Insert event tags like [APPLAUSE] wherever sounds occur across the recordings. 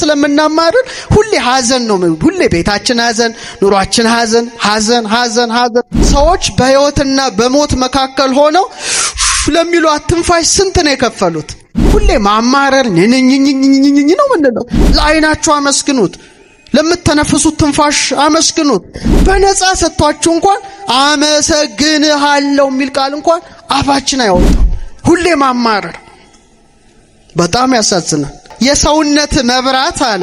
ስለምናማርር ሁሌ ሀዘን ነው። ሁሌ ቤታችን ሀዘን፣ ኑሯችን ሀዘን፣ ሀዘን፣ ሀዘን፣ ሀዘን። ሰዎች በህይወትና በሞት መካከል ሆነው ለሚሉ አትንፋሽ ስንት ነው የከፈሉት? ሁሌ ማማረር ንንኝኝኝኝኝ ነው ምንለው። ለአይናችሁ አመስግኑት፣ ለምትተነፍሱት ትንፋሽ አመስግኑት። በነፃ ሰጥቷችሁ እንኳን አመሰግንሃለሁ የሚል ቃል እንኳን አፋችን አይወጣም። ሁሌ ማማረር በጣም ያሳዝናል። የሰውነት መብራት አለ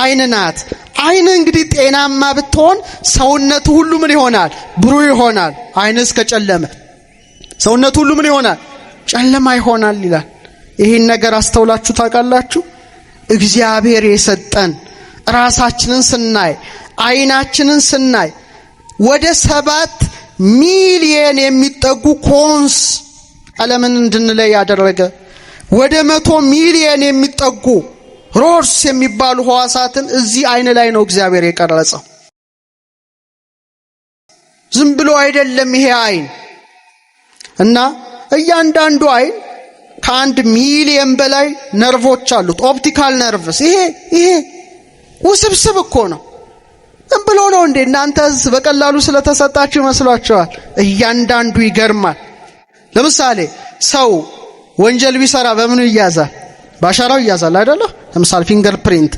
አይን ናት። አይን እንግዲህ ጤናማ ብትሆን ሰውነቱ ሁሉ ምን ይሆናል? ብሩህ ይሆናል። አይን ጨለመ ሰውነቱ ሁሉ ምን ይሆናል? ጨለማ ይሆናል ይላል። ይህን ነገር አስተውላችሁ ታውቃላችሁ? እግዚአብሔር የሰጠን ራሳችንን ስናይ አይናችንን ስናይ ወደ ሰባት ሚሊየን የሚጠጉ ኮንስ ዓለምን እንድንለይ ያደረገ ወደ መቶ ሚሊየን የሚጠጉ ሮርስ የሚባሉ ህዋሳትን እዚህ አይን ላይ ነው እግዚአብሔር የቀረጸው። ዝም ብሎ አይደለም ይሄ አይን እና እያንዳንዱ አይን ከአንድ ሚሊየን በላይ ነርቮች አሉት። ኦፕቲካል ነርቭስ ይሄ ይሄ ውስብስብ እኮ ነው። ዝም ብሎ ነው እንዴ? እናንተስ በቀላሉ ስለተሰጣችሁ ይመስሏችኋል? እያንዳንዱ ይገርማል። ለምሳሌ ሰው ወንጀል ቢሰራ በምኑ ይያዛል? ባሻራው ይያዛል አይደለ? ለምሳሌ ፊንገር ፕሪንት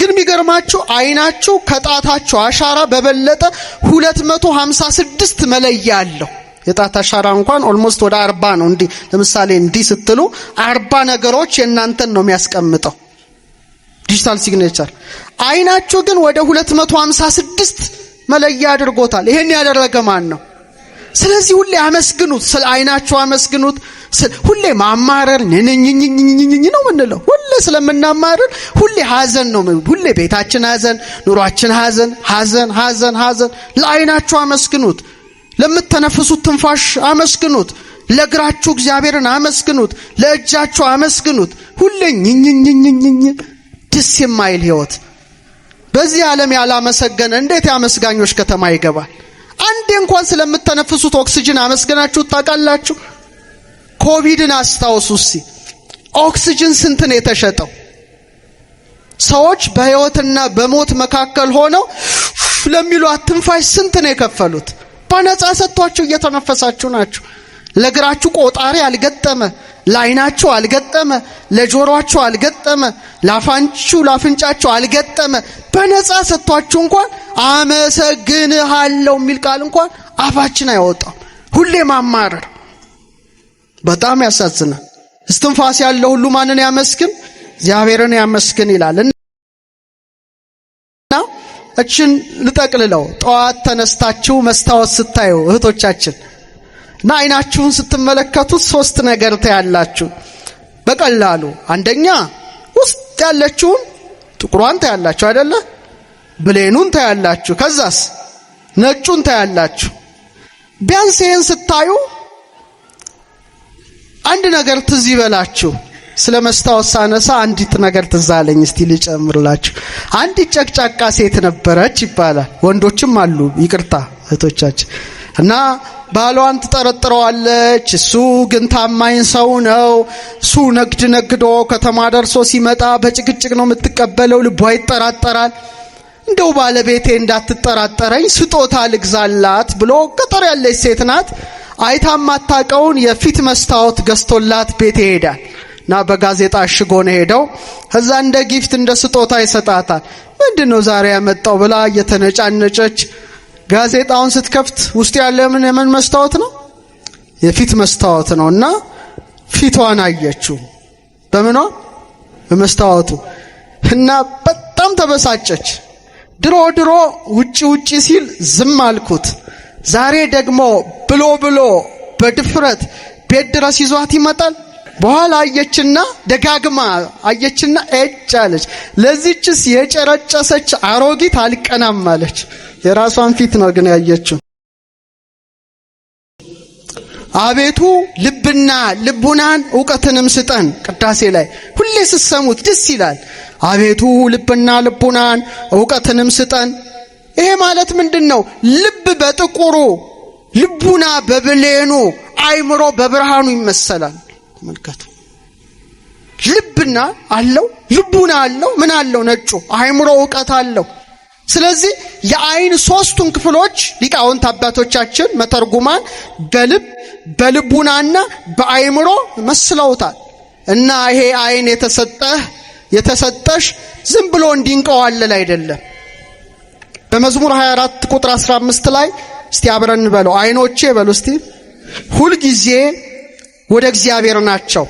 ግን የሚገርማችሁ አይናችሁ ከጣታችሁ አሻራ በበለጠ 256 መለያ አለው። የጣት አሻራ እንኳን ኦልሞስት ወደ አርባ ነው። እንዲህ ለምሳሌ እንዲህ ስትሉ አርባ ነገሮች የእናንተን ነው የሚያስቀምጠው ዲጂታል ሲግኔቸር። አይናችሁ ግን ወደ 256 መለያ አድርጎታል። ይሄን ያደረገ ማን ነው? ስለዚህ ሁሌ አመስግኑት፣ ስለ አይናችሁ አመስግኑት። ሁሌ ማማረር ንንኝኝኝኝኝ ነው ምንለው። ሁሌ ስለምናማረር ሁሌ ሀዘን ነው። ሁሌ ቤታችን ሀዘን፣ ኑሯችን ሀዘን፣ ሀዘን፣ ሀዘን፣ ሀዘን። ለአይናችሁ አመስግኑት። ለምትተነፍሱት ትንፋሽ አመስግኑት። ለእግራችሁ እግዚአብሔርን አመስግኑት። ለእጃችሁ አመስግኑት። ሁሌ ኝኝኝኝኝኝ ደስ የማይል ህይወት በዚህ ዓለም ያላመሰገነ እንዴት የአመስጋኞች ከተማ ይገባል? አንዴ እንኳን ስለምትተነፍሱት ኦክስጅን አመስገናችሁ ታውቃላችሁ? ኮቪድን አስታውሱ እስቲ። ኦክስጅን ስንት ነው የተሸጠው? ሰዎች በህይወትና በሞት መካከል ሆነው ለሚሉ አትንፋሽ ስንት ነው የከፈሉት? በነጻ ሰጥቷችሁ እየተነፈሳችሁ ናችሁ። ለእግራችሁ ቆጣሪ አልገጠመ፣ ለአይናችሁ አልገጠመ፣ ለጆሮአችሁ አልገጠመ፣ ላፋንቹ ላፍንጫችሁ አልገጠመ። በነጻ ሰጥቷችሁ እንኳን አመሰግንሃለሁ የሚል ቃል እንኳን አፋችን አይወጣም። ሁሌ ማማረር በጣም ያሳዝናል። እስትንፋስ ያለው ሁሉ ማንን ያመስግን? እግዚአብሔርን ያመስግን ይላል እና እችን ልጠቅልለው። ጠዋት ተነስታችሁ መስታወት ስታዩ እህቶቻችን እና አይናችሁን ስትመለከቱት ሶስት ነገር ታያላችሁ በቀላሉ። አንደኛ ውስጥ ያለችውን ጥቁሯን ታያላችሁ አይደለ? ብሌኑን ታያላችሁ። ከዛስ ነጩን ታያላችሁ። ቢያንስ ይህን ስታዩ አንድ ነገር ትዝ ይበላችሁ። ስለ መስታወት ሳነሳ አንዲት ነገር ትዝ አለኝ። እስቲ ልጨምርላችሁ። አንዲት ጨቅጫቃ ሴት ነበረች ይባላል። ወንዶችም አሉ፣ ይቅርታ እህቶቻችን። እና ባሏን ትጠረጥረዋለች። እሱ ግን ታማኝ ሰው ነው። እሱ ነግድ ነግዶ ከተማ ደርሶ ሲመጣ በጭቅጭቅ ነው የምትቀበለው። ልቧ ይጠራጠራል። እንደው ባለቤቴ እንዳትጠራጠረኝ ስጦታ ልግዛላት ብሎ ቀጠር ያለች ሴት ናት አይታ ማታቀውን የፊት መስታወት ገዝቶላት ቤት ይሄዳል እና በጋዜጣ እሽጎ ነው ሄደው። ከዛ እንደ ጊፍት እንደ ስጦታ ይሰጣታል። ምንድን ነው ዛሬ ያመጣው ብላ እየተነጫነጨች ጋዜጣውን ስትከፍት ውስጥ ያለ ምን የምን መስታወት ነው? የፊት መስታወት ነው። እና ፊቷን አየችው በምኗ በመስታወቱ እና በጣም ተበሳጨች። ድሮ ድሮ ውጪ ውጪ ሲል ዝም አልኩት፣ ዛሬ ደግሞ ብሎ ብሎ በድፍረት ቤት ድረስ ይዟት ይመጣል። በኋላ አየችና ደጋግማ አየችና እጭ አለች። ለዚችስ የጨረጨሰች አሮጊት አልቀናም አለች። የራሷን ፊት ነው ግን ያየችው። አቤቱ ልብና ልቡናን እውቀትንም ስጠን። ቅዳሴ ላይ ሁሌ ስትሰሙት ደስ ይላል። አቤቱ ልብና ልቡናን እውቀትንም ስጠን። ይሄ ማለት ምንድን ነው? ልብ በጥቁሩ ልቡና በብሌኑ አይምሮ በብርሃኑ ይመሰላል። ተመልከቱ። ልብና አለው ልቡና አለው ምን አለው ነጩ አይምሮ እውቀት አለው። ስለዚህ የአይን ሶስቱን ክፍሎች ሊቃውንት አባቶቻችን መተርጉማን በልብ በልቡናና በአይምሮ መስለውታል። እና ይሄ አይን የተሰጠህ የተሰጠሽ ዝም ብሎ እንዲንቀዋለል አይደለም። በመዝሙር 24 ቁጥር 15 ላይ እስቲ አብረን በለው አይኖቼ በሉ እስቲ ሁልጊዜ ወደ እግዚአብሔር ናቸው።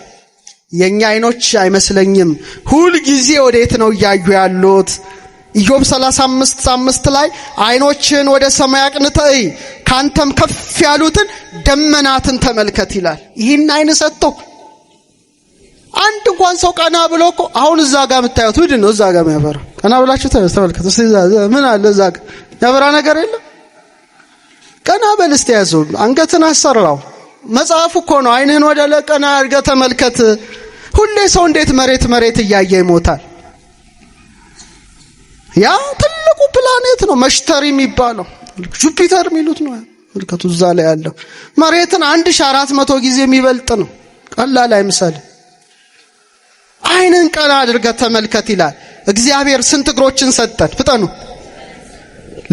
የእኛ አይኖች አይመስለኝም ሁልጊዜ ወደ የት ነው እያዩ ያሉት? ኢዮብ 35 አምስት ላይ አይኖችን ወደ ሰማይ አቅንተህ እይ ካንተም ከፍ ያሉትን ደመናትን ተመልከት ይላል። ይህን አይን ሰጥቶ አንድ እንኳን ሰው ቀና ብሎ እኮ አሁን እዛ ጋር የምታዩት ምንድን ነው? እዛ ጋር የሚያበራ ቀና ብላችሁ ተመልከቱ። ምን አለ እዛ ጋር ያበራ ነገር የለም። ቀና በል እስቲ ያዘው፣ አንገትን አሰራው። መጽሐፍ እኮ ነው። አይንህን ወደ ለቀና ቀና አድርገህ ተመልከት። ሁሌ ሰው እንዴት መሬት መሬት እያየ ይሞታል? ያ ትልቁ ፕላኔት ነው መሽተሪ የሚባለው ጁፒተር የሚሉት ነው። ምልከቱ እዛ ላይ ያለው መሬትን አንድ ሺህ አራት መቶ ጊዜ የሚበልጥ ነው። ቀላል አይምሰል። አይንን ቀና አድርገህ ተመልከት ይላል። እግዚአብሔር ስንት እግሮችን ሰጠን? ፍጠኑ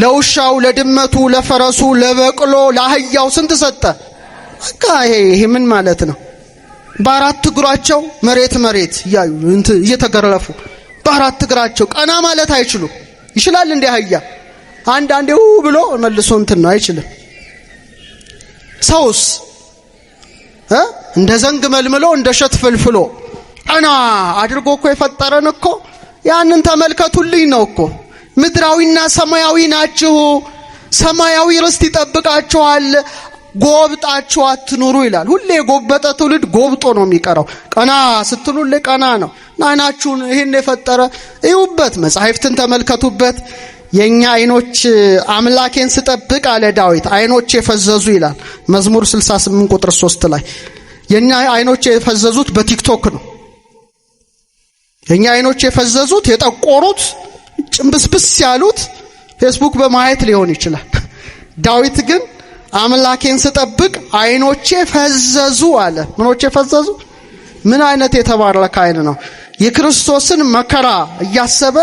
ለውሻው፣ ለድመቱ፣ ለፈረሱ፣ ለበቅሎ፣ ለአህያው ስንት ሰጠ? በቃ ይሄ ይሄ ምን ማለት ነው? በአራት እግሯቸው መሬት መሬት እያዩ እየተገረፉ በአራት እግራቸው ቀና ማለት አይችሉ። ይችላል እንደ አህያ? አንዳንዴ ው ብሎ መልሶ እንትን ነው አይችልም። ሰውስ እንደ ዘንግ መልምሎ እንደ ሸት ፍልፍሎ ቀና አድርጎ እኮ የፈጠረን እኮ ያንን ተመልከቱልኝ ነው እኮ ምድራዊና ሰማያዊ ናችሁ። ሰማያዊ ርስት ይጠብቃችኋል። ጎብጣችሁ አትኑሩ ይላል። ሁሌ የጎበጠ ትውልድ ጎብጦ ነው የሚቀረው። ቀና ስትሉ ሁሌ ቀና ነው። አይናችሁን ይህን የፈጠረ እዩበት፣ መጻሕፍትን ተመልከቱበት። የእኛ አይኖች አምላኬን ስጠብቅ አለ ዳዊት፣ አይኖች የፈዘዙ ይላል መዝሙር 68 ቁጥር 3 ላይ የእኛ አይኖች የፈዘዙት በቲክቶክ ነው። የእኛ አይኖች የፈዘዙት የጠቆሩት ጭምብስብስ ያሉት ፌስቡክ በማየት ሊሆን ይችላል። ዳዊት ግን አምላኬን ስጠብቅ አይኖቼ ፈዘዙ አለ። ምኖቼ ፈዘዙ? ምን አይነት የተባረከ አይን ነው! የክርስቶስን መከራ እያሰበ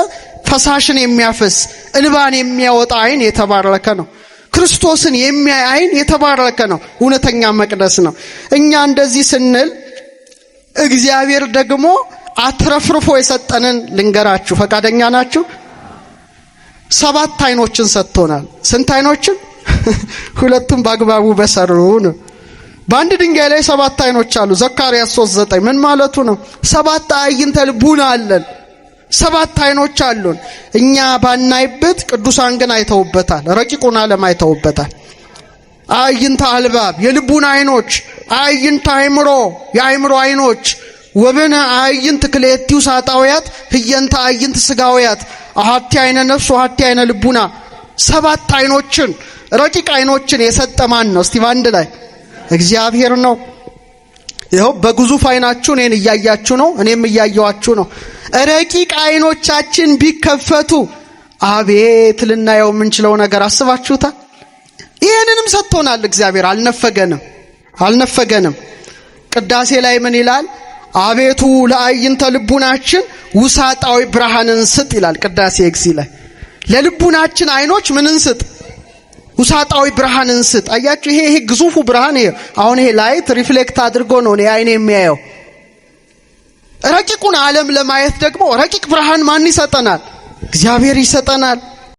ፈሳሽን የሚያፈስ እንባን የሚያወጣ አይን የተባረከ ነው። ክርስቶስን የሚያይ አይን የተባረከ ነው። እውነተኛ መቅደስ ነው። እኛ እንደዚህ ስንል እግዚአብሔር ደግሞ አትረፍርፎ የሰጠንን ልንገራችሁ። ፈቃደኛ ናችሁ? ሰባት አይኖችን ሰጥቶናል። ስንት አይኖችን? [LAUGHS] ሁለቱም በአግባቡ በሰሩ ነው። በአንድ ድንጋይ ላይ ሰባት አይኖች አሉ። ዘካርያስ 3:9 ምን ማለቱ ነው? ሰባት አይንተ ልቡና አለን። ሰባት አይኖች አሉን። እኛ ባናይበት፣ ቅዱሳን ግን አይተውበታል። ረቂቁን ዓለም አይተውበታል። አይንተ አልባብ የልቡን አይኖች፣ አይንተ አይምሮ የአይምሮ አይኖች ወብነ አይንት ክልኤቲው ሳጣውያት ህየንተ አይንት ስጋውያት አሀቴ አይነ ነፍስ ወሀቲ አይነ ልቡና ሰባት አይኖችን ረቂቅ አይኖችን የሰጠ ማን ነው? እስቲ በአንድ ላይ እግዚአብሔር ነው። ይኸው በግዙፍ አይናችሁ እኔን እያያችሁ ነው፣ እኔም እያየዋችሁ ነው። ረቂቅ አይኖቻችን ቢከፈቱ አቤት ልናየው የምንችለው ነገር አስባችሁታል? ይህንንም ሰጥቶናል እግዚአብሔር። አልነፈገንም አልነፈገንም። ቅዳሴ ላይ ምን ይላል? አቤቱ ለአይንተ ልቡናችን ውሳጣዊ ብርሃንን ስጥ ይላል ቅዳሴ ኤግዚ ላይ። ለልቡናችን አይኖች ምንን ስጥ? ውሳጣዊ ብርሃንን ስጥ። አያችሁ፣ ይሄ ይሄ ግዙፉ ብርሃን ይሄ አሁን ይሄ ላይት ሪፍሌክት አድርጎ ነው እኔ አይኔ የሚያየው። ረቂቁን ዓለም ለማየት ደግሞ ረቂቅ ብርሃን ማን ይሰጠናል? እግዚአብሔር ይሰጠናል።